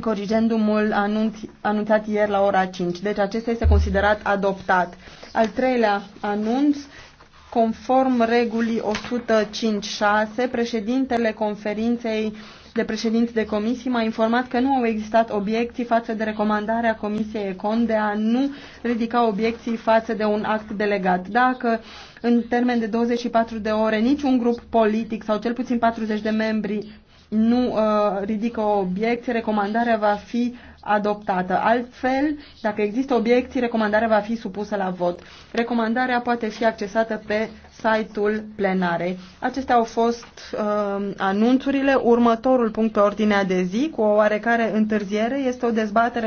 corigendumul anunț, anunțat ieri la ora 5. Deci acesta este considerat adoptat. Al treilea anunț, conform regulii 105.6, președintele conferinței de președinți de comisii m-a informat că nu au existat obiecții față de recomandarea Comisiei Econ de a nu ridica obiecții față de un act delegat. Dacă în termen de 24 de ore niciun grup politic sau cel puțin 40 de membri nu uh, ridică obiecție, recomandarea va fi adoptată. Altfel, dacă există obiecții, recomandarea va fi supusă la vot. Recomandarea poate fi accesată pe site-ul plenarei. Acestea au fost uh, anunțurile. Următorul punct pe ordinea de zi, cu o oarecare întârziere, este o dezbatere